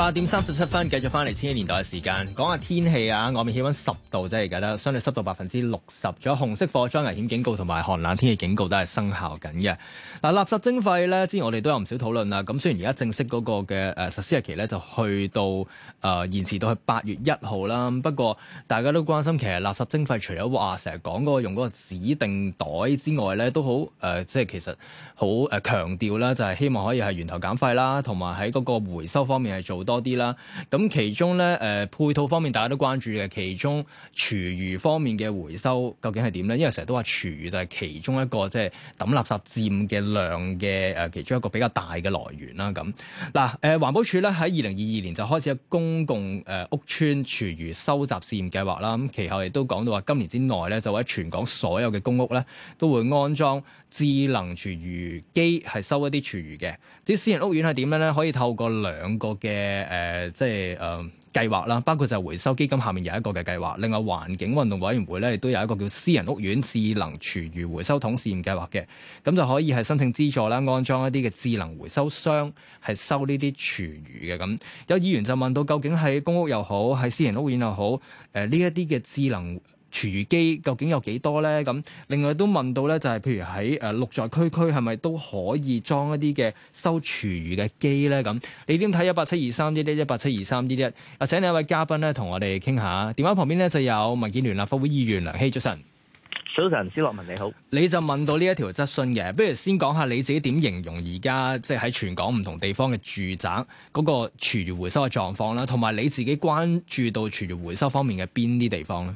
八點三十七分，繼續翻嚟千禧年代嘅時間，講下天氣啊！外面氣温十度，即係而家得相對濕度百分之六十，仲有紅色火災危險警告同埋寒冷天氣警告都係生效緊嘅。嗱，垃圾徵費咧，之前我哋都有唔少討論啦。咁雖然而家正式嗰個嘅誒實施日期咧，就去到誒、呃、延遲到去八月一號啦。不過大家都關心，其實垃圾徵費除咗話成日講嗰個用嗰個指定袋之外咧，都好即係其實好誒強調啦，就係希望可以係源頭減廢啦，同埋喺嗰個回收方面係做多多啲啦，咁其中咧，誒、呃、配套方面大家都關注嘅，其中廚餘方面嘅回收究竟係點咧？因為成日都話廚餘就係其中一個即係抌垃圾佔嘅量嘅誒、呃，其中一個比較大嘅來源啦。咁嗱，誒、呃、環保署咧喺二零二二年就開始喺公共誒、呃、屋邨廚餘收集試驗計劃啦。咁其後亦都講到話，今年之內咧就喺全港所有嘅公屋咧都會安裝。智能廚餘機係收一啲廚餘嘅，啲私人屋苑係點樣咧？可以透過兩個嘅誒、呃，即係誒、呃、計劃啦，包括就係回收基金下面有一個嘅計劃，另外環境運動委員會咧亦都有一個叫私人屋苑智能廚餘回收桶試驗計劃嘅，咁就可以係申請資助啦，安裝一啲嘅智能回收箱係收呢啲廚餘嘅。咁有議員就問到，究竟喺公屋又好，喺私人屋苑又好，誒呢一啲嘅智能廚餘機究竟有幾多咧？咁另外都問到咧，就係譬如喺誒六座區區係咪都可以裝一啲嘅收廚餘嘅機咧？咁你點睇一八七二三一一一八七二三一一？啊，請你一位嘉賓咧同我哋傾下。電話旁邊咧就有民建聯立法會議員梁熙，早晨，早晨，施樂文，你好。你就問到呢一條質詢嘅，不如先講下你自己點形容而家即係喺全港唔同地方嘅住宅嗰個廚餘回收嘅狀況啦，同埋你自己關注到廚餘回收方面嘅邊啲地方咧？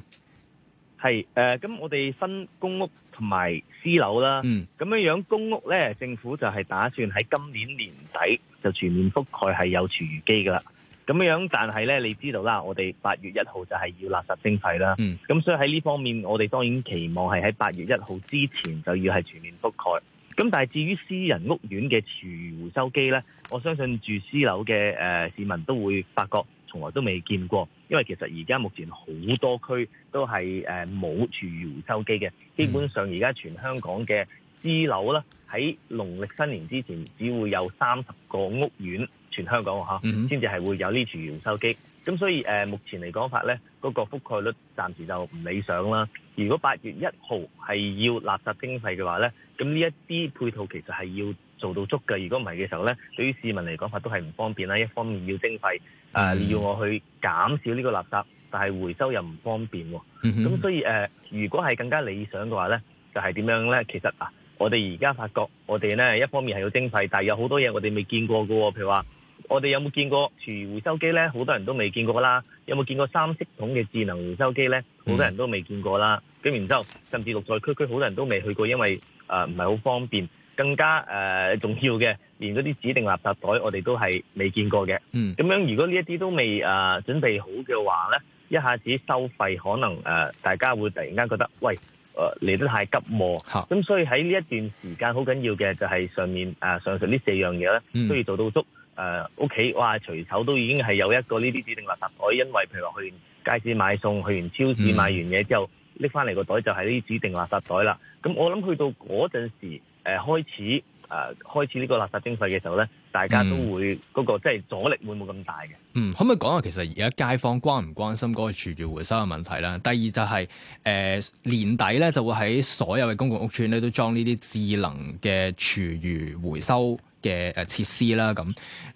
係誒，咁、呃、我哋分公屋同埋私樓啦，咁、嗯、樣樣公屋咧，政府就係打算喺今年年底就全面覆蓋係有廚餘機噶啦。咁樣樣，但係咧，你知道啦，我哋八月一號就係要垃圾徵費啦。咁、嗯、所以喺呢方面，我哋當然期望係喺八月一號之前就要係全面覆蓋。咁但係至於私人屋苑嘅廚餘回收機咧，我相信住私樓嘅誒、呃、市民都會發覺。從來都未見過，因為其實而家目前好多區都係誒冇廚餘回收機嘅。基本上而家全香港嘅私樓咧，喺農曆新年之前只會有三十個屋苑，全香港嚇先至係會有呢廚餘回收機。咁所以誒、呃，目前嚟講法咧，嗰、那個覆蓋率暫時就唔理想啦。如果八月一號係要垃圾徵費嘅話咧，咁呢一啲配套其實係要做到足嘅，如果唔係嘅時候咧，對於市民嚟講，法都係唔方便啦。一方面要徵費，你、嗯呃、要我去減少呢個垃圾，但係回收又唔方便。咁、嗯、所以誒、呃，如果係更加理想嘅話咧，就係、是、點樣咧？其實啊，我哋而家發覺，我哋咧一方面係要徵費，但係有好多嘢我哋未見過嘅。譬如話，我哋有冇見過廚餘回收機咧？好多人都未見過啦。有冇見過三色桶嘅智能回收機咧？好、嗯、多人都未見過啦。咁然之後，甚至綠在區區，好多人都未去過，因為誒唔係好方便。更加誒、呃、重要嘅，連嗰啲指定垃圾袋，我哋都係未見過嘅。嗯，咁樣如果呢一啲都未誒、呃、準備好嘅話咧，一下子收費可能誒、呃、大家會突然間覺得，喂，嚟、呃、得太急喎。嚇，咁所以喺呢一段時間好緊要嘅就係上面誒、呃、上述呢四樣嘢咧、嗯，都要做到足誒屋企哇，隨手都已經係有一個呢啲指定垃圾袋。因為譬如話去街市買餸，去完超市買完嘢之後拎翻嚟個袋就係呢啲指定垃圾袋啦。咁我諗去到嗰陣時。誒、呃、開始，誒、呃、開始呢個垃圾徵費嘅時候咧，大家都會嗰、嗯那個即係、就是、阻力會冇咁大嘅。嗯，可唔可以講下其實而家街坊關唔關心嗰個廚餘回收嘅問題啦？第二就係、是、誒、呃、年底咧就會喺所有嘅公共屋邨咧都裝呢啲智能嘅廚餘回收嘅誒、呃、設施啦。咁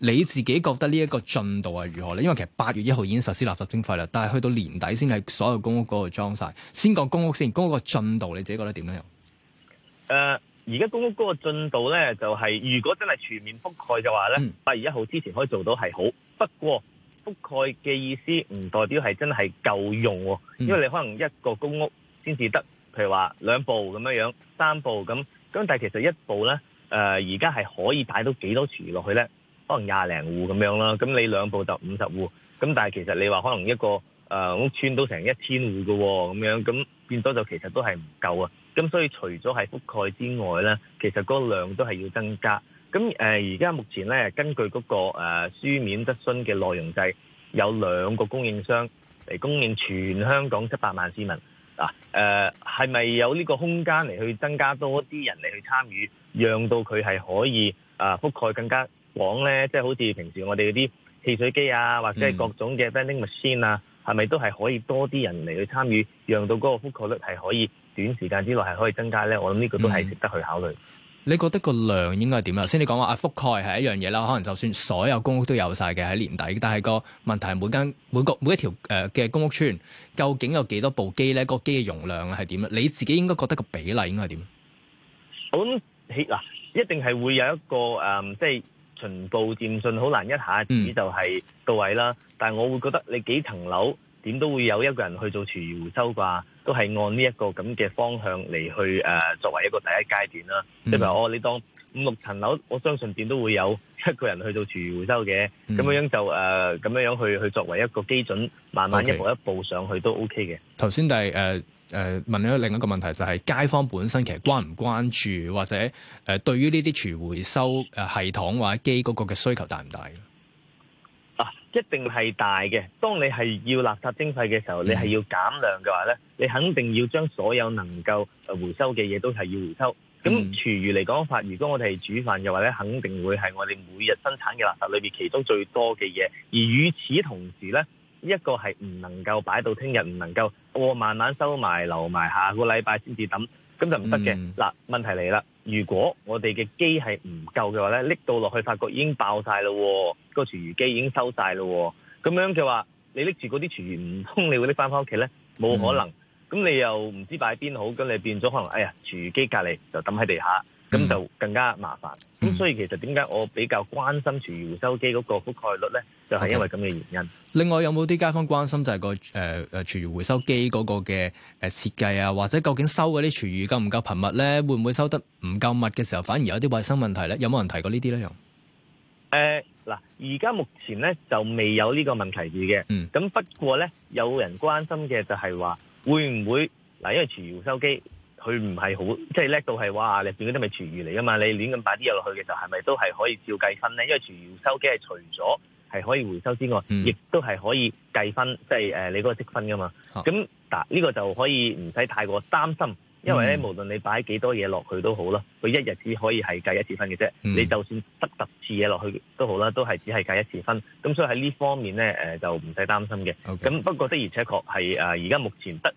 你自己覺得呢一個進度係如何咧？因為其實八月一號已經實施垃圾徵費啦，但係去到年底先喺所有公屋嗰度裝晒。先講公屋先，公屋嘅進度你自己覺得點樣樣？誒、呃。而家公屋嗰個進度咧、就係，就係如果真係全面覆蓋嘅話咧，八月一號之前可以做到係好。不過覆蓋嘅意思唔代表係真係夠用喎，因為你可能一個公屋先至得，譬如話兩部咁樣樣，三部咁。咁但係其實一部咧，誒而家係可以帶到幾多廚落去咧？可能廿零戶咁樣啦。咁你兩部就五十戶。咁但係其實你話可能一個誒屋、呃、村都成一千戶嘅喎，咁樣咁變多就其實都係唔夠啊。咁所以除咗係覆蓋之外咧，其實嗰量都係要增加。咁誒而家目前咧，根據嗰、那個誒、呃、書面質詢嘅內容、就是，就係有兩個供應商嚟供應全香港七百萬市民啊係咪、呃、有呢個空間嚟去增加多啲人嚟去參與，讓到佢係可以啊、呃、覆蓋更加廣咧？即、就、係、是、好似平時我哋嗰啲汽水機啊，或者係各種嘅 vending machine 啊，係、嗯、咪都係可以多啲人嚟去參與，讓到嗰個覆蓋率係可以？短時間之內係可以增加咧，我諗呢個都係值得去考慮。你覺得個量應該係點啊？頭先你講話啊，覆蓋係一樣嘢啦。可能就算所有公屋都有曬嘅喺年底，但係個問題係每間每個每一條誒嘅公屋村，究竟有幾多部機咧？嗰機嘅容量係點咧？你自己應該覺得個比例應該係點？我諗起嗱，一定係會有一個誒，即係循步漸進好難一下子就係到位啦。但係我會覺得你幾層樓點都會有一個人去做廚餘回收啩。都係按呢一個咁嘅方向嚟去誒、呃，作為一個第一階段啦。即係話我你當五六層樓，我相信點都會有一個人去到廚餘回收嘅，咁樣樣就誒咁樣樣去去作為一個基準，慢慢一步一步上去都 OK 嘅。頭先就係誒誒問咗另一個問題，就係、是、街坊本身其實關唔關注，或者誒對於呢啲廚回收誒系統或者機嗰個嘅需求大唔大？一定係大嘅。當你係要垃圾徵費嘅時候，你係要減量嘅話呢，你肯定要將所有能夠回收嘅嘢都係要回收。咁廚餘嚟講法，如果我哋係煮飯嘅話呢，肯定會係我哋每日生產嘅垃圾裏面其中最多嘅嘢。而與此同時呢，呢一個係唔能夠擺到聽日，唔能夠我慢慢收埋留埋下個禮拜先至抌，咁就唔得嘅。嗱、嗯，問題嚟啦。如果我哋嘅機係唔夠嘅話呢，拎到落去發覺已經爆晒咯，個廚餘機已經收晒咯，咁樣就話你拎住嗰啲廚餘，唔通你會拎翻翻屋企呢？冇可能，咁、嗯、你又唔知擺邊好，咁你變咗可能哎呀，廚餘機隔離就抌喺地下。咁就更加麻煩。咁所以其實點解我比較關心廚餘回收機嗰個覆蓋率咧，就係因為咁嘅原因。另外有冇啲街坊關心就係個誒誒廚餘回收機嗰個嘅誒設計啊，或者究竟收嗰啲廚餘夠唔夠頻密咧，會唔會收得唔夠密嘅時候，反而有啲衞生問題咧？有冇人提過呢啲咧？又誒嗱，而家目前咧就未有呢個問題住嘅。嗯。咁不過咧，有人關心嘅就係話會唔會嗱，因為廚餘回收機。佢唔係好即係叻到係哇！你變咗啲咪廚餘嚟噶嘛？你亂咁擺啲嘢落去嘅時候，係咪都係可以照計分咧？因為廚餘收機係除咗係可以回收之外，亦、嗯、都係可以計分，即、就、係、是、你嗰個積分噶嘛。咁、啊、嗱，呢、這個就可以唔使太過擔心，因為咧、嗯、無論你擺幾多嘢落去都好啦，佢一日只可以係計一次分嘅啫、嗯。你就算得十次嘢落去都好啦，都係只係計一次分。咁所以喺呢方面咧就唔使擔心嘅。咁、okay. 不過的而且確係而家目前得。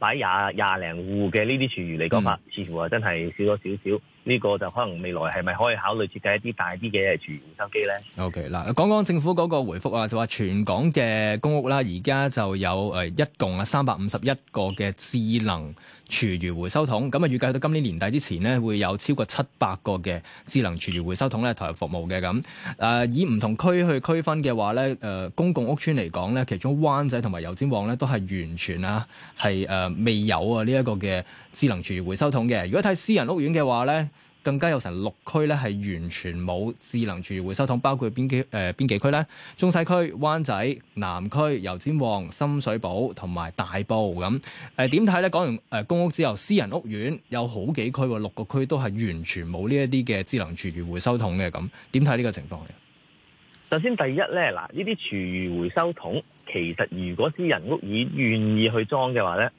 擺廿廿零戶嘅呢啲廚餘嚟講法，嗯、似乎啊真係少咗少少。呢、這個就可能未來係咪可以考慮設計一啲大啲嘅廚餘回收機咧？O K 嗱，講、okay, 講政府嗰個回覆啊，就話全港嘅公屋啦，而家就有誒一共啊三百五十一個嘅智能廚餘回收桶，咁啊預計到今年年底之前呢，會有超過七百個嘅智能廚餘回收桶咧投入服務嘅咁。誒、呃、以唔同區去區分嘅話咧，誒、呃、公共屋邨嚟講咧，其中灣仔同埋油尖旺咧都係完全啊係誒、呃、未有啊呢一、這個嘅。智能廚餘回收桶嘅，如果睇私人屋苑嘅話咧，更加有成六區咧係完全冇智能廚餘回收桶，包括邊幾誒邊幾區咧？中西區、灣仔、南區、油尖旺、深水埗同埋大埔咁。誒，點睇咧？講完誒公屋之後，私人屋苑有好幾區，六個區都係完全冇呢一啲嘅智能廚餘回收桶嘅咁。點睇呢個情況咧？首先第一咧，嗱，呢啲廚餘回收桶其實如果私人屋苑願意去裝嘅話咧。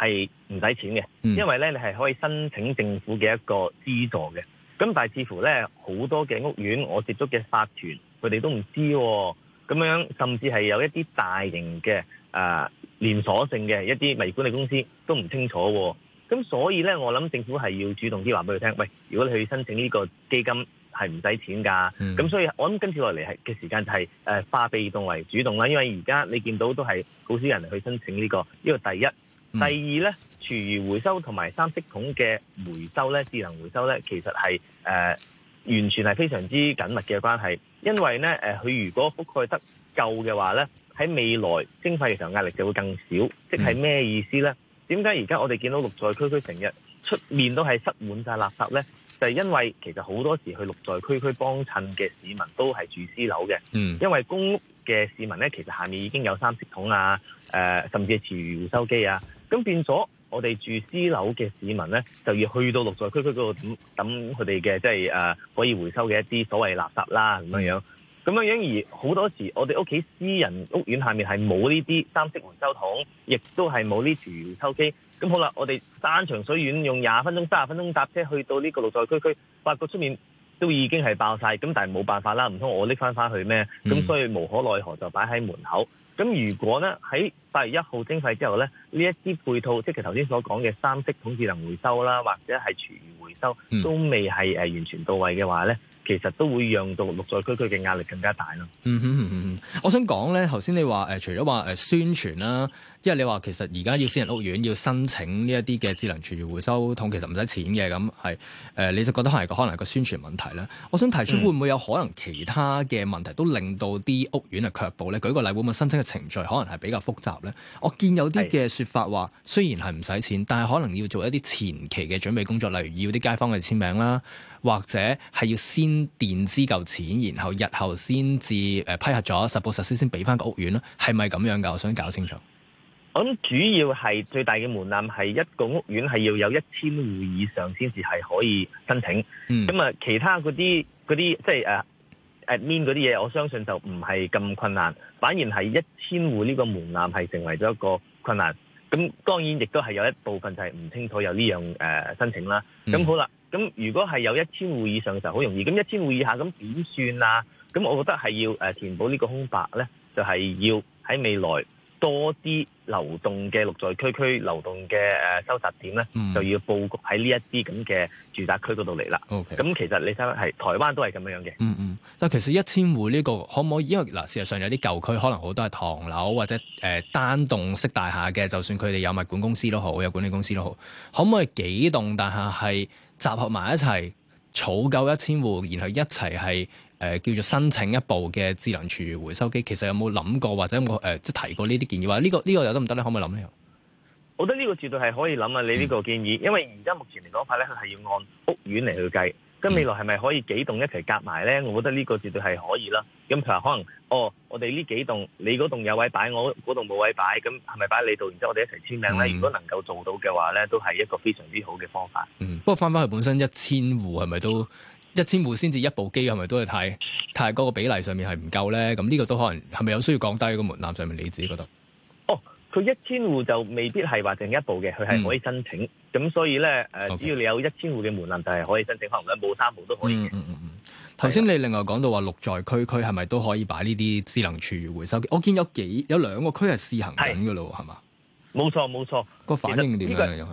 係唔使錢嘅，因為咧你係可以申請政府嘅一個資助嘅。咁但係，似乎咧好多嘅屋苑，我接觸嘅法團，佢哋都唔知咁樣，甚至係有一啲大型嘅誒、呃、連鎖性嘅一啲物業管理公司都唔清楚。咁所以咧，我諗政府係要主動啲話俾佢聽，喂，如果你去申請呢個基金係唔使錢㗎。咁、嗯、所以，我諗今次落嚟係嘅時間就係誒化被動為主動啦。因為而家你見到都係好少人去申請呢個，呢個第一。嗯、第二咧，廚餘回收同埋三色桶嘅回收咧，智能回收咧，其實係誒、呃、完全係非常之緊密嘅關係，因為咧誒，佢、呃、如果覆蓋得夠嘅話咧，喺未來徵費嘅時候壓力就會更少。即係咩意思咧？點解而家我哋見到綠在區區成日出面都係塞滿晒垃圾咧？就係、是、因為其實好多時去綠在區區幫襯嘅市民都係住私樓嘅、嗯，因為公屋嘅市民咧，其實下面已經有三色桶啊，呃、甚至係廚餘回收機啊。咁變咗，我哋住私樓嘅市民咧，就要去到垃圾區區嗰度抌抌佢哋嘅即係誒可以回收嘅一啲所謂垃圾啦，咁、嗯、樣樣。咁樣樣而好多時，我哋屋企私人屋苑下面係冇呢啲三色回收桶，亦都係冇呢條回收機。咁好啦，我哋山長水遠用廿分鐘、三十分鐘搭車去到呢個垃圾區區，發覺出面都已經係爆晒。咁但係冇辦法啦，唔通我拎翻返去咩？咁、嗯、所以無可奈何就擺喺門口。咁如果咧喺八月一號徵費之後咧，呢一啲配套，即係頭先所講嘅三色桶智能回收啦，或者係廚餘回收，都未係誒完全到位嘅話咧，其實都會讓到六座區區嘅壓力更加大咯。嗯哼嗯哼，我想講咧，頭先你話誒，除咗話誒宣傳啦。因為你話其實而家要私人屋苑要申請呢一啲嘅智能廚餘回收桶，其實唔使錢嘅，咁係誒，你就覺得係可能係個宣傳問題啦。我想提出會唔會有可能其他嘅問題都令到啲屋苑啊卻步咧？舉個例，會唔會申請嘅程序可能係比較複雜咧？我見有啲嘅説法話雖然係唔使錢，但係可能要做一啲前期嘅準備工作，例如要啲街坊去簽名啦，或者係要先墊資夠錢，然後日後先至誒批核咗實報實銷先俾翻個屋苑咯。係咪咁樣噶？我想搞清楚。咁主要係最大嘅門檻係一個屋苑係要有一千戶以上先至係可以申請。咁、嗯、啊，其他嗰啲嗰啲即係 admin 嗰啲嘢，就是 uh, 我相信就唔係咁困難，反而係一千戶呢個門檻係成為咗一個困難。咁當然亦都係有一部分就係唔清楚有呢樣誒申請啦。咁好啦，咁如果係有一千戶以上嘅時候好容易，咁一千戶以下咁點算啊？咁我覺得係要誒填補呢個空白咧，就係、是、要喺未來。多啲流動嘅綠在區區流動嘅收集點咧、嗯，就要佈局喺呢一啲咁嘅住宅區嗰度嚟啦。咁其實你睇係台灣都係咁樣樣嘅。嗯嗯，但其實一千戶呢、呢個可唔可以？因為嗱，事實上有啲舊區可能好多係唐樓或者誒、呃、單棟式大廈嘅，就算佢哋有物管公司都好，有管理公司都好，可唔可以幾棟大廈係集合埋一齊，儲夠一千戶，然後一齊係。誒叫做申請一部嘅智能廚餘回收機，其實有冇諗過或者有冇誒即係提過呢啲建議？話、呢、呢個呢、呢個有得唔得咧？可唔可以諗呢個？我覺得呢個絕對係可以諗啊！你呢個建議，嗯、因為而家目前嚟講，法咧佢係要按屋苑嚟去計。咁、嗯、未來係咪可以幾棟一齊夾埋咧？我覺得呢個絕對係可以啦。咁其實可能，哦，我哋呢幾棟，你嗰棟有位擺，我嗰棟冇位擺，咁係咪擺喺你度？然之後我哋一齊簽名咧。如果能夠做到嘅話咧，都係一個非常之好嘅方法。嗯。不過翻翻去本身一千戶係咪都？一千戶先至一部機，係咪都係太太嗰個比例上面係唔夠咧？咁呢個都可能係咪有需要降低個門檻上面？你自己覺得？哦，佢一千戶就未必係話剩一部嘅，佢係可以申請的。咁、嗯、所以咧，誒、okay.，只要你有一千戶嘅門檻，就係可以申請，可能兩部、三部都可以。嗯嗯嗯。頭先你另外講到話六在區區係咪都可以擺呢啲智能廚餘回收機？我見有幾有兩個區係試行緊㗎咯，係嘛？冇錯，冇錯。個反應點樣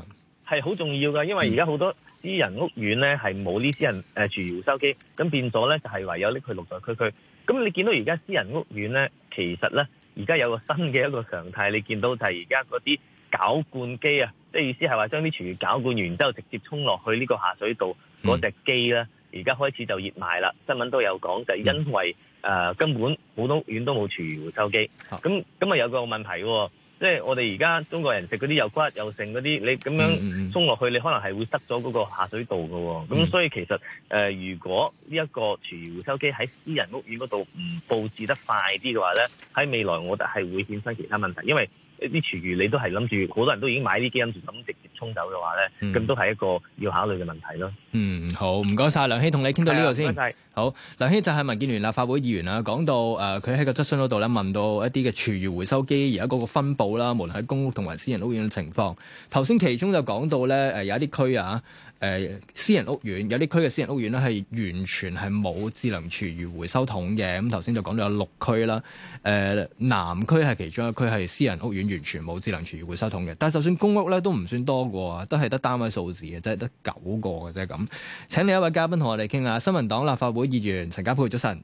係好重要噶，因為而家好多私人屋苑咧係冇呢私人誒廚餘收機，咁變咗咧就係、是、唯有拎去綠在區區。咁你見到而家私人屋苑咧，其實咧而家有個新嘅一個常態，你見到就係而家嗰啲攪罐機啊，即係意思係話將啲廚餘攪罐完之後直接沖落去呢個下水道嗰隻機咧，而、嗯、家開始就熱賣啦。新聞都有講，就是、因為誒、嗯呃、根本好多屋苑都冇廚餘回收機，咁咁啊有個問題喎。即係我哋而家中國人食嗰啲又骨又剩嗰啲，你咁樣沖落去、嗯，你可能係會塞咗嗰個下水道嘅。咁、嗯、所以其實誒、呃，如果呢一個廚餘回收機喺私人屋苑嗰度唔佈置得快啲嘅話咧，喺未來我覺得係會衍生其他問題，因為啲廚餘你都係諗住好多人都已經買呢啲機咁直接沖走嘅話咧，咁、嗯、都係一個要考慮嘅問題咯。嗯，好，唔該晒。梁熙、這個，同你傾到呢度先。謝謝。好，梁熙就係民建聯立法會議員啊，講到誒，佢喺個質詢嗰度咧，問到一啲嘅廚餘回收機而家個個分佈啦，無論喺公屋同埋私人屋苑嘅情況。頭先其中就講到咧，誒、呃、有一啲區啊，誒、呃、私人屋苑，有啲區嘅私人屋苑咧係完全係冇智能廚餘回收桶嘅。咁頭先就講到有六區啦，誒、呃、南區係其中一區係私人屋苑完全冇智能廚餘回收桶嘅。但係就算公屋咧都唔算多個，都係得單位數字嘅，即係得九個嘅啫咁。請另一位嘉賓同我哋傾下，新民黨立法會。議員陳家珮，早晨，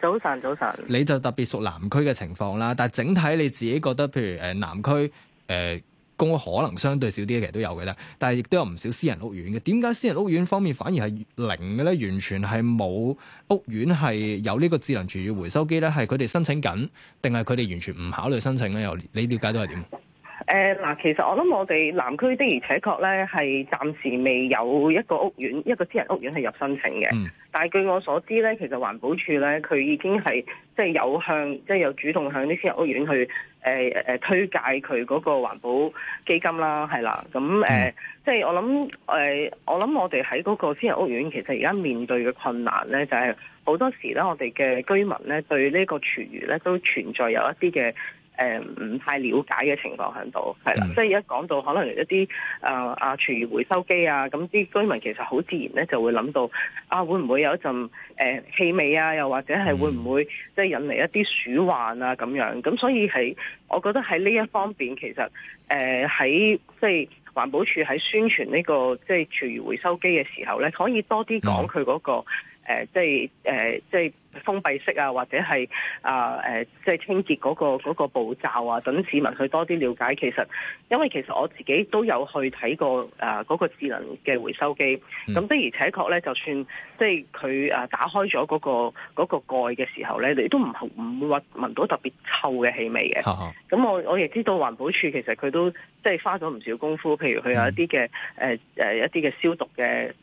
早晨，早晨，你就特別熟南區嘅情況啦。但係整體你自己覺得，譬如誒南區誒公屋可能相對少啲，其實都有嘅啦。但係亦都有唔少私人屋苑嘅。點解私人屋苑方面反而係零嘅咧？完全係冇屋苑係有呢個智能廚餘回收機咧，係佢哋申請緊，定係佢哋完全唔考慮申請咧？又你了解到係點？嗱、呃，其實我諗我哋南區的而且確咧，係暫時未有一個屋苑、一個私人屋苑係入申請嘅、嗯。但係據我所知咧，其實環保署咧，佢已經係即係有向，即、就、係、是、有主動向啲私人屋苑去、呃呃、推介佢嗰個環保基金啦，係啦。咁誒、呃嗯，即係我諗誒、呃，我諗我哋喺嗰個私人屋苑，其實而家面對嘅困難咧，就係好多時咧，我哋嘅居民咧對呢個廚餘咧都存在有一啲嘅。誒、嗯、唔太了解嘅情況喺度，係啦、嗯，即係而家講到可能一啲、呃、啊啊廚餘回收機啊，咁啲居民其實好自然咧就會諗到啊，會唔會有一陣誒、呃、氣味啊？又或者係會唔會即係引嚟一啲鼠患啊咁樣？咁所以係，我覺得喺呢一方面其實誒喺、呃、即係環保處喺宣傳呢、這個即係廚餘回收機嘅時候咧，可以多啲講佢嗰個、嗯呃、即係誒、呃、即係。封閉式啊，或者係啊誒，即係清潔嗰個嗰個步驟啊，等市民去多啲了解。其實因為其實我自己都有去睇過啊嗰個智能嘅回收機，咁的而且確咧，就算即係佢打開咗嗰個嗰個蓋嘅時候咧，你都唔唔會聞到特別臭嘅氣味嘅。咁 我我亦知道環保署其實佢都即係花咗唔少功夫，譬如佢有一啲嘅誒一啲嘅消毒嘅誒嘅、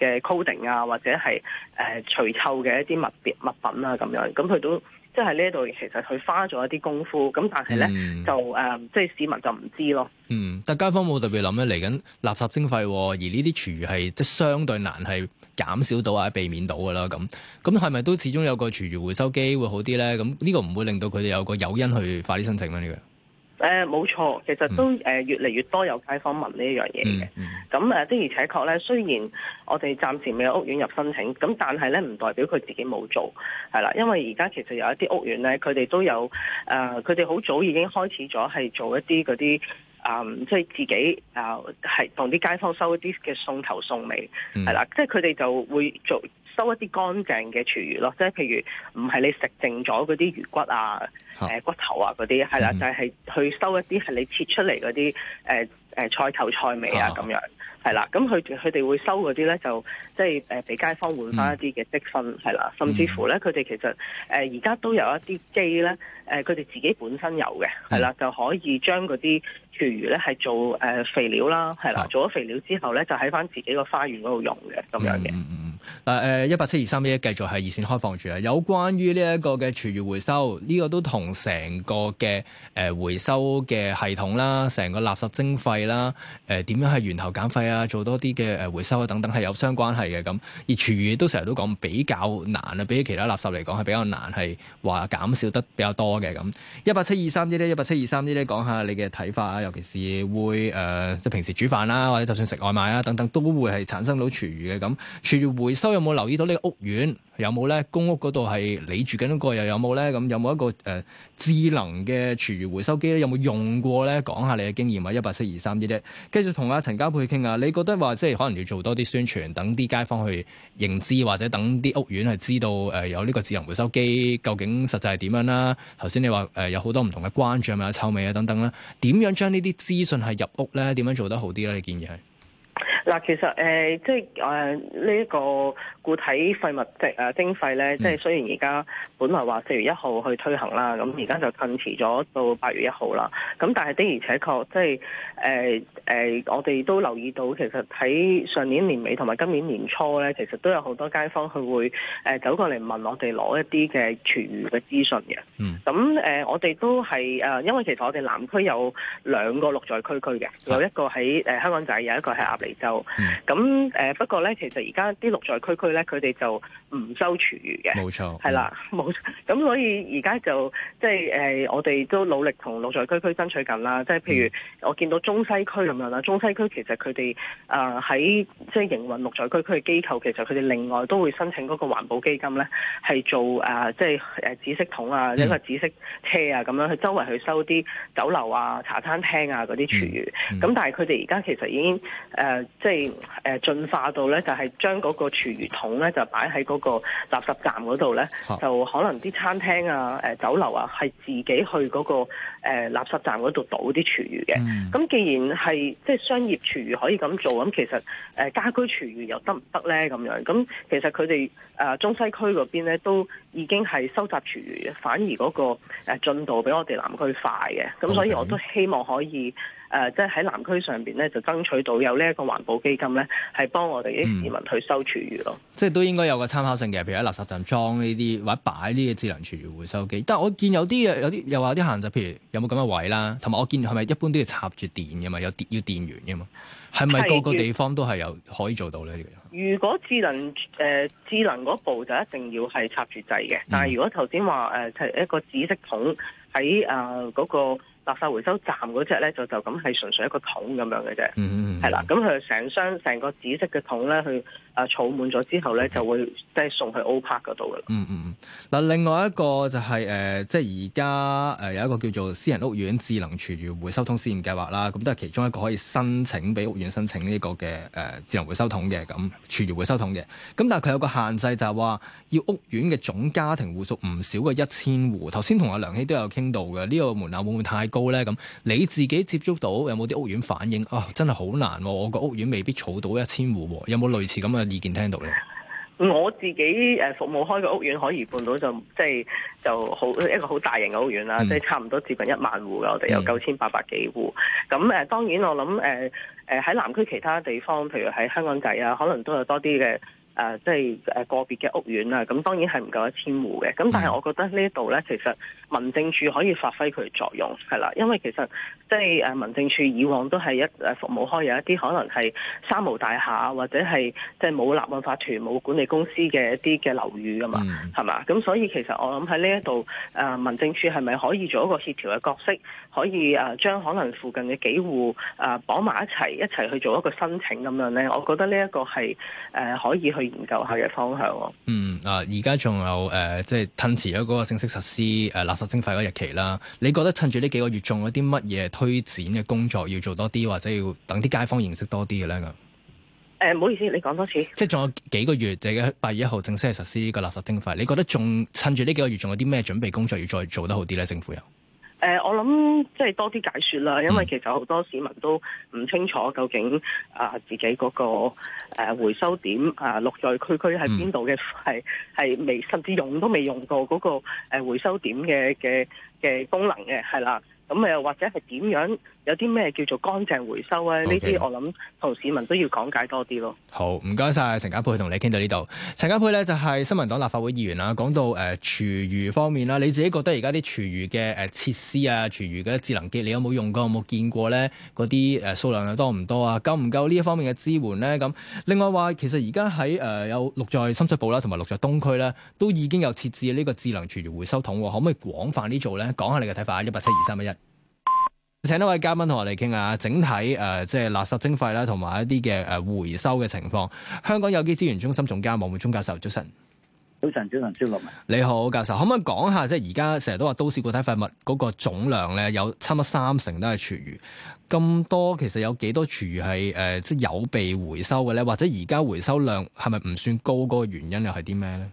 呃、coating 啊，或者係誒、呃、除臭嘅一啲物件。物品啊咁樣，咁佢都即係呢一度其實佢花咗一啲功夫，咁但係咧、嗯、就誒，即係市民就唔知咯。嗯，但街坊冇特別諗咧，嚟緊垃圾徵費，而呢啲廚餘係即係相對難係減少到或者避免到㗎啦。咁，咁係咪都始終有個廚餘回收機會好啲咧？咁呢個唔會令到佢哋有個誘因去快啲申請咩呢個？誒冇錯，其實都誒越嚟越多有街坊問呢一樣嘢嘅，咁誒的而且確咧，雖然我哋暫時未有屋苑入申請，咁但係咧唔代表佢自己冇做，係啦，因為而家其實有一啲屋苑咧，佢哋都有誒，佢哋好早已經開始咗係做一啲嗰啲誒，即係自己啊，係同啲街坊收一啲嘅送頭送尾，係啦、嗯，即係佢哋就會做。收一啲乾淨嘅廚餘咯，即係譬如唔係你食剩咗嗰啲魚骨啊、誒、啊、骨頭啊嗰啲，係、嗯、啦，就係、是、去收一啲係你切出嚟嗰啲誒誒菜頭菜尾啊咁樣，係、啊、啦，咁佢佢哋會收嗰啲咧，就即係誒俾街坊換翻一啲嘅積分係啦、嗯，甚至乎咧佢哋其實誒而家都有一啲機咧，誒佢哋自己本身有嘅係啦，就可以將嗰啲廚餘咧係做誒、呃、肥料啦，係啦、啊，做咗肥料之後咧就喺翻自己個花園嗰度用嘅咁樣嘅。嗯嗱誒，一八七二三呢，繼續係熱線開放住啊。有關於呢一個嘅廚餘回收，呢、這個都同成個嘅誒、呃、回收嘅系統啦，成個垃圾徵費啦，誒、呃、點樣係源頭減廢啊，做多啲嘅誒回收啊，等等係有相關係嘅咁。而廚餘都成日都講比較難啊，比起其他垃圾嚟講係比較難，係話減少得比較多嘅咁。一八七二三呢？一八七二三呢？講下你嘅睇法啊，尤其是會誒即係平時煮飯啦，或者就算食外賣啊等等，都會係產生到廚餘嘅咁，廚餘會。收有冇留意到呢個屋苑有冇咧？公屋嗰度係你住緊嗰個又有冇咧？咁有冇一個誒、嗯呃、智能嘅廚餘回收機咧？有冇用過咧？講下你嘅經驗啊！一八七二三啲啫，跟住同阿陳家珮傾下。你覺得話即係可能要做多啲宣傳，等啲街坊去認知，或者等啲屋苑係知道誒、呃、有呢個智能回收機究竟實際係點樣啦？頭先你話誒、呃、有好多唔同嘅關注，咪有臭味啊等等啦。點樣將呢啲資訊係入屋咧？點樣做得好啲咧？你建議係？嗱，其實誒、呃，即係誒呢個固體廢物即係啊，徵費咧，即係雖然而家本來話四月一號去推行啦，咁而家就近遲咗到八月一號啦。咁但係的而且確，即係誒誒，我哋都留意到，其實喺上年年尾同埋今年年初咧，其實都有好多街坊佢會誒走過嚟問我哋攞一啲嘅廚餘嘅資訊嘅。咁、嗯、誒、呃，我哋都係誒，因為其實我哋南區有兩個落在區區嘅，有一個喺誒香港仔，有一個係鴨脷洲。咁、嗯、誒不過咧，其實而家啲綠在區區咧，佢哋就唔收廚餘嘅，冇錯，係啦，冇、嗯、錯。咁所以而家就即係誒、呃，我哋都努力同綠在區區爭取緊啦。即係譬如我見到中西區咁樣啦，中西區其實佢哋啊喺即係營運綠在區區嘅機構，其實佢哋另外都會申請嗰個環保基金咧，係做啊、呃、即係誒、呃、紫色桶啊，嗯、一個紫色車啊，咁樣去周圍去收啲酒樓啊、茶餐廳啊嗰啲廚餘。咁、嗯嗯、但係佢哋而家其實已經誒。呃即係、呃、進化到咧，就係、是、將嗰個廚餘桶咧，就擺喺嗰個垃圾站嗰度咧，就可能啲餐廳啊、呃、酒樓啊，係自己去嗰、那個、呃、垃圾站嗰度倒啲廚餘嘅。咁、嗯、既然係即係商業廚餘可以咁做，咁其實、呃、家居廚餘又得唔得咧？咁樣咁其實佢哋、呃、中西區嗰邊咧，都已經係收集廚餘，反而嗰個進度比我哋南區快嘅。咁所以我都希望可以。誒、呃，即係喺南區上邊咧，就爭取到有呢一個環保基金咧，係幫我哋啲市民去收儲餘咯。即係都應該有個參考性嘅，譬如喺垃圾站裝呢啲，或者擺呢個智能廚餘回收機。但係我見有啲嘢，有啲又話啲限制，譬如有冇咁嘅位啦，同埋我見係咪一般都要插住電嘅嘛，有電要電源嘅嘛，係咪個個地方都係有可以做到咧？如果智能誒、呃、智能嗰部就一定要係插住掣嘅，但係如果頭先話誒一個紫色桶喺啊嗰個。垃圾回收站嗰隻咧就就咁係純粹一個桶咁樣嘅啫，係、嗯嗯、啦，咁佢成箱成個紫色嘅桶咧佢啊儲滿咗之後咧就會即係送去 O Park 嗰度嘅啦。嗯嗯嗱、嗯，另外一個就係、是、誒、呃，即係而家誒有一個叫做私人屋苑智能廚餘回收桶試驗計劃啦，咁、嗯、都係其中一個可以申請俾屋苑申請呢個嘅誒、呃、智能回收桶嘅咁廚餘回收桶嘅，咁、嗯、但係佢有個限制就係話要屋苑嘅總家庭戶數唔少過一千戶。頭先同阿梁熙都有傾到嘅，呢、這個門檻會唔會太？高咧咁，你自己接觸到有冇啲屋苑反應啊？真係好難、啊，我個屋苑未必儲到一千戶、啊，有冇類似咁嘅意見聽到咧？我自己誒服務開嘅屋苑海怡半島就，就即係就好一個好大型嘅屋苑啦，即係、就是、差唔多接近一萬戶啦。我哋有九千八百幾戶，咁、嗯、誒當然我諗誒誒喺南區其他地方，譬如喺香港仔啊，可能都有多啲嘅。誒、呃，即係誒個別嘅屋苑啊，咁當然係唔夠一千戶嘅。咁但係我覺得呢一度呢，其實民政處可以發揮佢作用，係啦，因為其實即係誒民政處以往都係一誒服務開有一啲可能係三無大廈或者係即係冇立案法團、冇管理公司嘅一啲嘅樓宇啊嘛，係、嗯、嘛？咁所以其實我諗喺呢一度誒民政處係咪可以做一個協調嘅角色，可以誒、啊、將可能附近嘅幾戶誒綁埋一齊，一齊去做一個申請咁樣呢？我覺得呢一個係誒、呃、可以去。研究下嘅方向。嗯啊，而家仲有誒、呃，即係吞遲咗嗰個正式實施誒、呃、垃圾徵費嗰日期啦。你覺得趁住呢幾個月，仲有啲乜嘢推展嘅工作要做多啲，或者要等啲街坊認識多啲嘅咧？咁、呃、誒，唔好意思，你講多次。即係仲有幾個月，就八月一號正式係實施呢個垃圾徵費。你覺得仲趁住呢幾個月，仲有啲咩準備工作要再做得好啲咧？政府有？誒、呃，我諗即係多啲解說啦，因為其實好多市民都唔清楚究竟啊、呃、自己嗰、那個、呃、回收點啊落、呃、在區區喺邊度嘅，係、嗯、係未甚至用都未用過嗰、那個、呃、回收點嘅嘅嘅功能嘅，係啦，咁、嗯、又、呃、或者係點樣？有啲咩叫做乾淨回收啊？呢、okay. 啲我諗同市民都要講解多啲咯。好，唔該晒陳家珮，同你傾到呢度。陳家珮呢就係、是、新民黨，立法會議員啦。講到誒廚餘方面啦，你自己覺得而家啲廚餘嘅誒設施啊，廚餘嘅智能機，你有冇用過？有冇見過咧？嗰啲誒數量又多唔多啊？夠唔夠呢一方面嘅支援咧？咁另外話，其實而家喺誒有六在深水埗啦、啊，同埋六在東區咧，都已經有設置呢個智能廚餘回收桶、啊，可唔可以廣泛啲做咧？講下你嘅睇法一八七二三一一請一位嘉賓同我哋傾下整體誒、呃，即係垃圾徵費啦，同埋一啲嘅誒回收嘅情況。香港有機資源中心總監黃煥忠教授，早晨，早晨，早晨，你好，教授，可唔可以講下即係而家成日都話都市固體廢物嗰個總量咧有差唔多三成都係廚餘，咁多其實有幾多廚餘係誒即係有被回收嘅咧？或者而家回收量係咪唔算高？嗰、嗰個原因又係啲咩咧？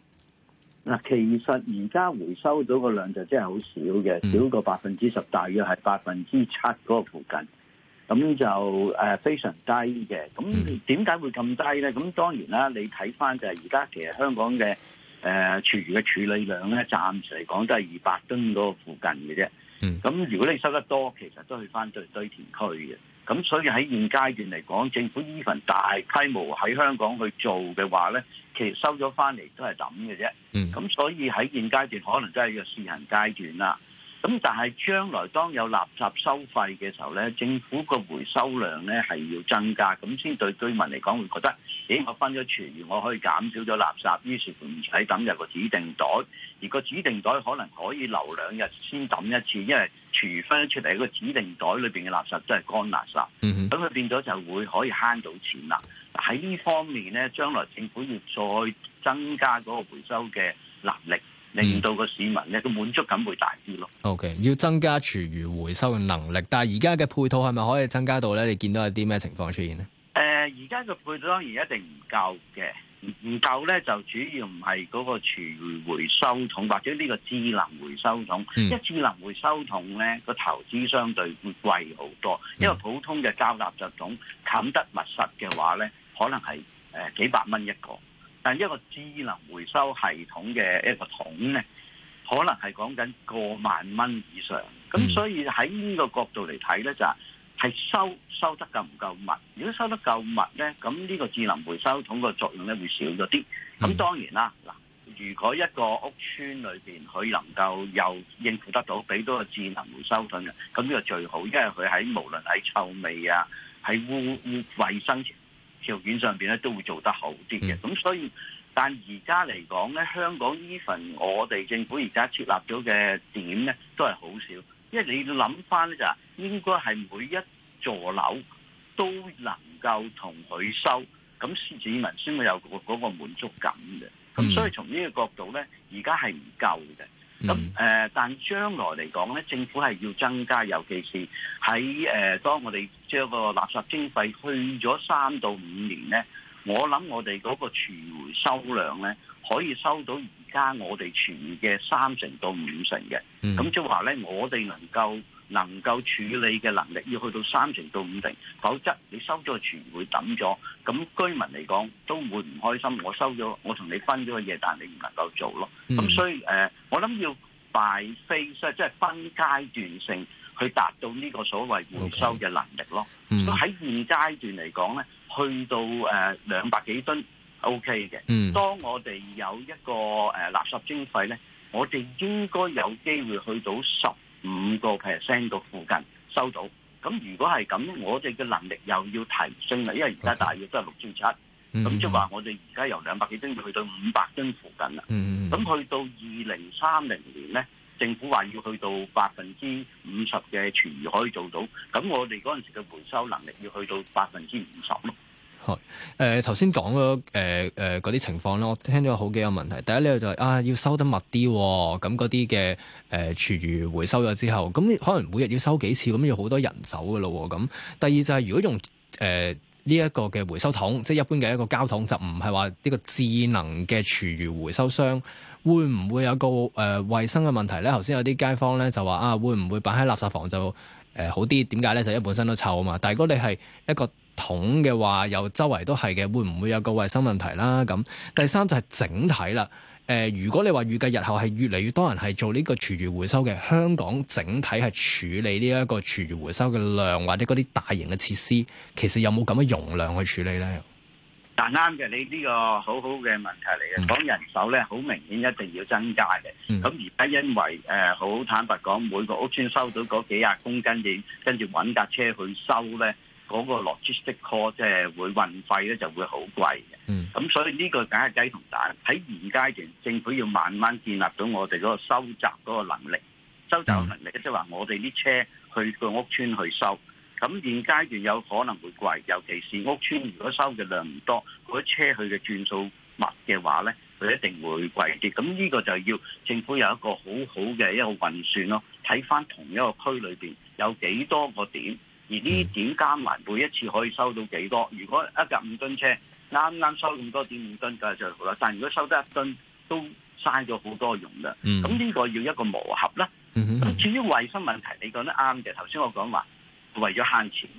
嗱，其實而家回收到個量就真係好少嘅，少過百分之十，大約係百分之七嗰個附近，咁就誒非常低嘅。咁點解會咁低咧？咁當然啦，你睇翻就係而家其實香港嘅誒廚餘嘅處理量咧，暫時嚟講都係二百噸嗰個附近嘅啫。咁如果你收得多，其實都去翻對堆填區嘅。咁所以喺現階段嚟講，政府依份大規模喺香港去做嘅話咧。其實收咗翻嚟都係抌嘅啫，咁所以喺現階段可能都係個試行階段啦。咁但係將來當有垃圾收費嘅時候咧，政府個回收量咧係要增加，咁先對居民嚟講會覺得，咦、欸、我分咗廚餘，我可以減少咗垃圾，於是乎唔使抌入個指定袋。而個指定袋可能可以留兩日先抌一次，因為廚餘分出嚟個指定袋裏邊嘅垃圾真係乾垃圾，咁、嗯、佢變咗就會可以慳到錢啦。喺呢方面咧，將來政府要再增加嗰個回收嘅能力，令到個市民咧個滿足感會大啲咯、嗯。OK，要增加廚餘回收嘅能力，但係而家嘅配套係咪可以增加到咧？你見到有啲咩情況出現咧？誒、呃，而家嘅配套當然一定唔夠嘅，唔夠咧就主要唔係嗰個廚餘回收桶或者呢個智能回收桶。一智能回收桶咧，個投資相對會貴好多，因為普通嘅膠垃圾桶冚得密實嘅話咧，可能係誒幾百蚊一個，但一個智能回收系統嘅一個桶咧，可能係講緊過萬蚊以上。咁所以喺呢個角度嚟睇咧，就係、係、收收得夠唔夠密？如果收得夠密咧，咁呢個智能回收桶個作用咧會少咗啲。咁當然啦，嗱，如果一個屋村裏邊佢能夠又應付得到，俾多個智能回收桶嘅，咁呢個最好，因為佢喺無論喺臭味啊，喺污污衞生。條件上邊咧都會做得好啲嘅，咁所以但而家嚟講咧，香港依份我哋政府而家設立咗嘅點咧，都係好少，因為你諗翻咧就係應該係每一座樓都能夠同佢收，咁市民先會有嗰嗰個滿足感嘅，咁所以從呢個角度咧，而家係唔夠嘅。咁、嗯、誒，但將來嚟講咧，政府係要增加，尤其是喺誒，當我哋將個垃圾徵費去咗三到五年咧，我諗我哋嗰個廚餘回收量咧，可以收到而家我哋廚餘嘅三成到五成嘅。咁即係話咧，就是、我哋能夠，能夠處理嘅能力要去到三成到五成，否則你收咗個全會抌咗，咁居民嚟講都會唔開心。我收咗，我同你分咗個嘢，但係你唔能夠做咯。咁、嗯、所以我諗要 by phase，即係分階段性去達到呢個所謂回收嘅能力咯。咁、okay。喺現階段嚟講咧，去到誒兩百幾噸 OK 嘅。嗯、當我哋有一個垃圾徵費咧，我哋應該有機會去到十五個 percent 到附近收到，咁如果係咁，我哋嘅能力又要提升啦，因為而家大約都係六至七，咁即係話我哋而家由兩百幾噸去到五百噸附近啦，咁去到二零三零年咧，政府話要去到百分之五十嘅廚餘可以做到，咁我哋嗰陣時嘅回收能力要去到百分之五十咯。誒頭先講咗誒誒嗰啲情況咯，我聽到好幾個問題。第一呢就係、是、啊，要收得密啲、哦，咁嗰啲嘅誒廚餘回收咗之後，咁可能每日要收幾次，咁要好多人手嘅咯，咁。第二就係、是、如果用誒呢一個嘅回收桶，即係一般嘅一個膠桶，就唔係話呢個智能嘅廚餘回收箱，會唔會有個誒衞、呃、生嘅問題呢？頭先有啲街坊呢就話啊，會唔會擺喺垃圾房就誒好啲？點解呢？就因為本身都臭啊嘛。但如果你係一個桶嘅話又周圍都係嘅，會唔會有個衛生問題啦？咁第三就係、是、整體啦。誒、呃，如果你話預計日後係越嚟越多人係做呢個廚餘回收嘅，香港整體係處理呢一個廚餘回收嘅量或者嗰啲大型嘅設施，其實有冇咁嘅容量去處理咧？但啱嘅，你呢個很好好嘅問題嚟嘅。講人手咧，好明顯一定要增加嘅。咁、嗯、而家因為誒，好坦白講，每個屋邨收到嗰幾廿公斤嘢，跟住揾架車去收咧。嗰、那個 logistic call 即係會運費咧就會好貴嘅，咁、嗯、所以呢個梗係雞同蛋。喺現階段，政府要慢慢建立到我哋嗰個收集嗰個能力、收集能力，即係話我哋啲車去個屋村去收。咁現階段有可能會貴，尤其是屋村如果收嘅量唔多，嗰啲車去嘅轉數密嘅話咧，佢一定會貴啲。咁呢個就要政府有一個好好嘅一個運算咯，睇翻同一個區裏邊有幾多個點。而呢點加埋，每一次可以收到幾多？如果一架五噸車啱啱收咁多點五噸，就係最好啦。但如果收得一噸，都嘥咗好多用啦。咁呢個要一個磨合啦。咁至於衛生問題，你講得啱嘅。頭先我講話為咗慳錢，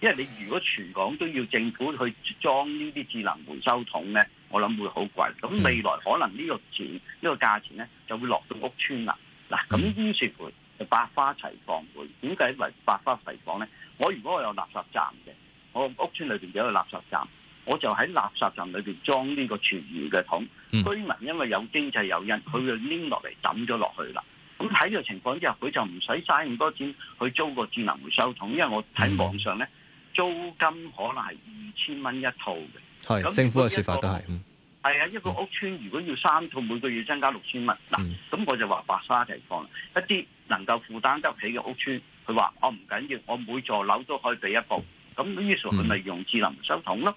因為你如果全港都要政府去裝呢啲智能回收桶咧，我諗會好貴。咁未來可能呢個錢呢、這個價錢咧就會落到屋邨啦。嗱，咁呢説百花齊放會點解為，為百花齊放咧？我如果我有垃圾站嘅，我屋村裏邊有一個垃圾站，我就喺垃圾站裏邊裝呢個廚餘嘅桶、嗯。居民因為有經濟誘因，佢就拎落嚟抌咗落去啦。咁喺呢個情況之下，佢就唔使嘥咁多錢去租個智能回收桶，因為我睇網上咧、嗯、租金可能係二千蚊一套嘅。係，政府嘅説法都係。係啊，一個屋村如果要三套，每個月增加六千蚊，嗱，咁我就話白沙地方一啲能夠負擔得起嘅屋村，佢話我唔緊要，我每座樓都可以俾一部，咁於是佢咪用智能回收桶咯。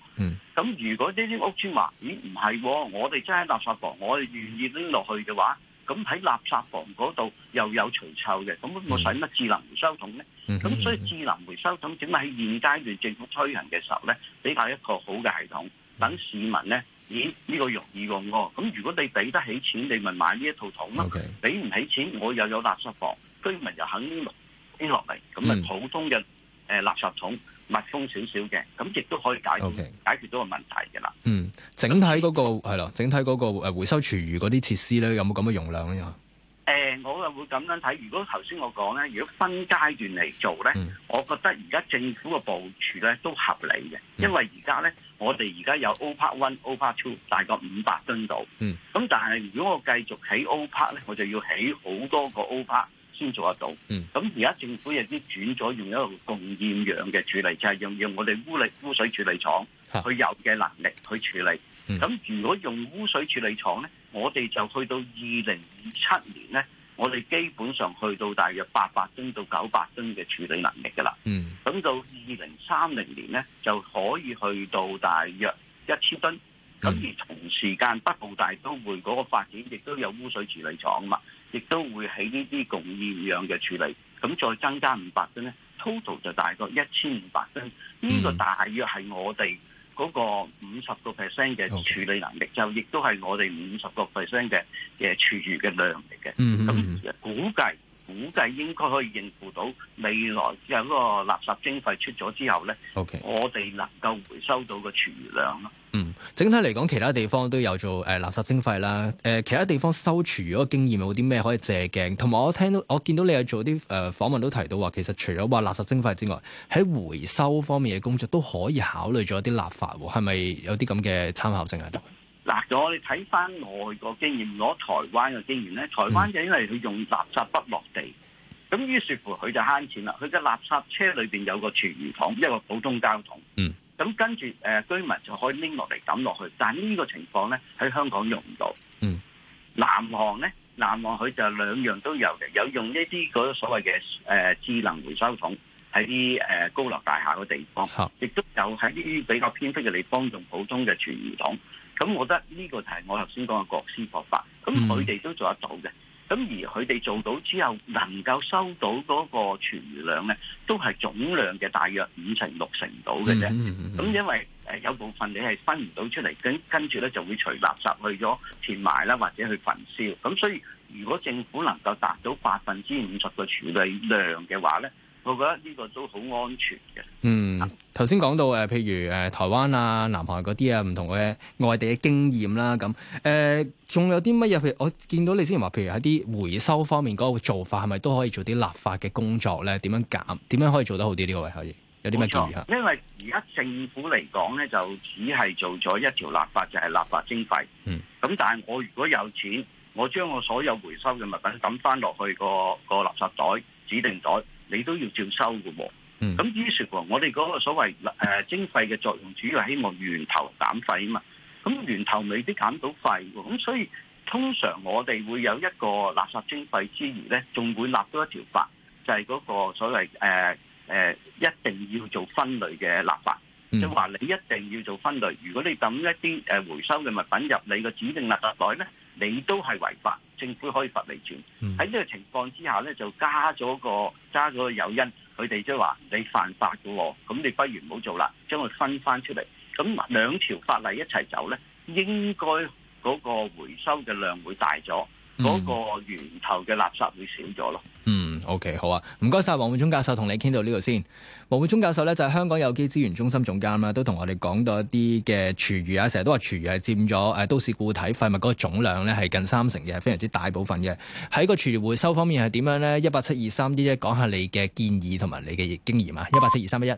咁如果呢啲屋村話，咦唔係喎，我哋真係垃圾房，我哋願意拎落去嘅話，咁喺垃圾房嗰度又有除臭嘅，咁我使乜智能回收桶呢？咁所以智能回收桶，起碼喺現階段政府推行嘅時候呢，比較一個好嘅系統，等市民呢。咦？呢個容易喎，咁如果你俾得起錢，你咪買呢一套桶啦。俾、okay. 唔起錢，我又有垃圾房，居民又肯拎落嚟，咁啊，普通嘅誒垃圾桶，mm. 密封少少嘅，咁亦都可以解決、okay. 解決到個問題嘅啦。嗯，整體嗰、那個係啦，整體嗰、那個回收廚餘嗰啲設施咧，有冇咁嘅容量咧？誒、欸，我係會咁樣睇。如果頭先我講咧，如果分階段嚟做咧、嗯，我覺得而家政府嘅部署咧都合理嘅、嗯。因為而家咧，我哋而家有 O·PARK One、O·PARK Two，大約五百噸度。咁、嗯、但係如果我繼續起 O·PARK 咧，我就要起好多個 O·PARK 先做得到。咁而家政府亦都轉咗，用一個共厭氧嘅處理，就係、是、用用我哋污力污水處理廠佢有嘅能力去處理。咁、嗯、如果用污水處理廠咧？我哋就去到二零二七年呢，我哋基本上去到大約八百噸到九百噸嘅處理能力噶啦。嗯，咁到二零三零年呢，就可以去到大約一千噸。咁、mm. 而同時間北部大都會嗰個發展亦都有污水處理廠嘛，亦都會喺呢啲共現樣嘅處理，咁再增加五百噸呢，total 就大概一千五百噸，呢、呢個大約係我哋。嗰、那個五十個 percent 嘅處理能力，就亦都係我哋五十個 percent 嘅嘅廚餘嘅量嚟嘅。咁估計，估計應該可以應付到未來有個垃圾徵費出咗之後咧，okay. 我哋能夠回收到嘅廚餘量咯。嗯，整體嚟講，其他地方都有做誒、呃、垃圾徵費啦。誒、呃，其他地方收廚餘嗰個經驗有啲咩可以借鏡？同埋我聽到我見到你有做啲誒訪問都提到話，其實除咗話垃圾徵費之外，喺回收方面嘅工作都可以考慮咗啲立法，係、哦、咪有啲咁嘅參考性喺度？嗱，咗你睇翻外國經驗，攞台灣嘅經驗咧，台灣就因為佢用垃圾不落地，咁於是乎佢就慳錢啦。佢嘅垃圾車裏邊有個廚餘桶，一個普通膠桶。嗯。嗯。咁跟住，誒、呃、居民就可以拎落嚟抌落去。但呢個情況咧，喺香港用唔到、嗯。南韓咧，南韓佢就兩樣都有嘅，有用呢啲嗰所謂嘅誒、呃、智能回收桶喺啲誒高樓大廈嘅地方，亦、嗯、都有喺啲比較偏僻嘅地方，用普通嘅傳統桶。咁我覺得呢個就係我頭先講嘅各施各法。咁佢哋都做得到嘅。咁而佢哋做到之後，能夠收到嗰個存量呢，都係總量嘅大約五成六成到嘅啫。咁、嗯嗯嗯嗯、因為有部分你係分唔到出嚟，跟跟住呢就會隨垃圾去咗填埋啦，或者去焚燒。咁所以如果政府能夠達到百分之五十嘅處理量嘅話呢。我覺得呢個都好安全嘅。嗯，頭先講到誒、呃，譬如誒、呃、台灣啊、南韓嗰啲啊，唔同嘅外地嘅經驗啦，咁誒，仲、呃、有啲乜嘢？譬如我見到你先話，譬如喺啲回收方面嗰個做法，係咪都可以做啲立法嘅工作咧？點樣減？點樣可以做得好啲？呢、呢個位可以有啲咩建議？冇錯，因為而家政府嚟講咧，就只係做咗一條立法，就係、是、立法徵費。嗯，咁但係我如果有錢，我將我所有回收嘅物品抌翻落去、嗰個、嗰個垃圾袋、指定袋。你都要照收㗎喎，咁於是乎，我哋嗰個所謂誒徵費嘅作用，主要係希望源頭減廢啊嘛。咁源頭未必減到廢喎，咁所以通常我哋會有一個垃圾徵費之餘咧，仲會立多一條法，就係、是、嗰個所謂誒誒、呃、一定要做分類嘅立法，即係話你一定要做分類。如果你抌一啲誒回收嘅物品入你嘅指定垃圾袋咧，你都係違法，政府可以罰你轉。喺呢個情況之下咧，就加咗個加咗個誘因，佢哋即係話你犯法嘅喎，咁你不如唔好做啦，將佢分翻出嚟。咁兩條法例一齊走咧，應該嗰個回收嘅量會大咗，嗰個源頭嘅垃圾會少咗咯。嗯。嗯。O.K. 好啊，唔該晒黃煥忠教授，同你傾到呢度先。黃煥忠教授咧，就係、是、香港有機資源中心總監啦，都同我哋講到一啲嘅廚餘啊，成日都話廚餘係佔咗誒都市固體廢物嗰個總量咧係近三成嘅，非常之大部分嘅。喺個廚餘回收方面係點樣咧？一八七二三一一，講下你嘅建議同埋你嘅經驗啊！一八七二三一一。